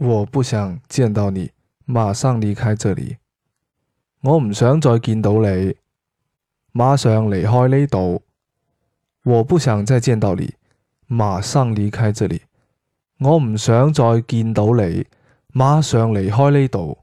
我不想見到你，馬上離開這裏。我唔想再見到你，馬上離開呢度。我不想再見到你，馬上離開這裏。我唔想再見到你，馬上離開呢度。